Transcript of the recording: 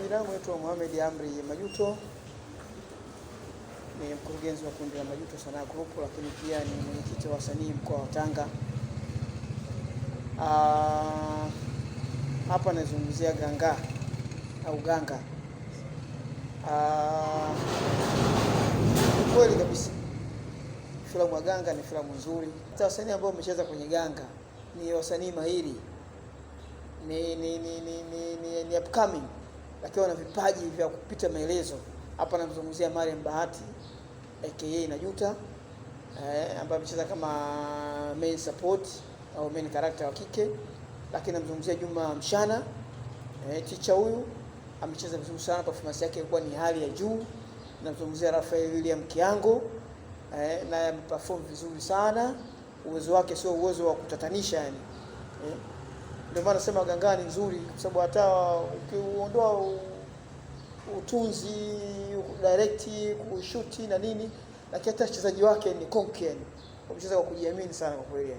Majina yangu naitwa Mohamed Amri Majuto, ni mkurugenzi wa kundi la Majuto Sanaa Group, lakini pia ni mwenyekiti wa wasanii mkoa wa Tanga. Ah, hapa nazungumzia ganga au ganga. Ah, Kweli kabisa filamu ya ganga ni filamu nzuri. Hata wasanii ambao wamecheza kwenye ganga ni wasanii mahiri, ni ni ni ni ni, ni, ni upcoming lakini wana vipaji vya kupita maelezo. Hapa namzungumzia Mariam Bahati aka Najuta eh, ambaye amecheza kama main support au main character wa kike, lakini namzungumzia Juma Mshana eh, ticha huyu amecheza vizuri sana, performance yake ilikuwa ni hali ya juu. Namzungumzia Rafael William Kiango eh, naye ameperform vizuri sana. Uwezo wake sio uwezo wa kutatanisha yani eh. Ndio maana nasema Gangani ni nzuri, kwa sababu hata ukiondoa utunzi direct kushuti na nini, lakini hata wachezaji wake ni konken, wamecheza kwa kujiamini sana kwa kweli.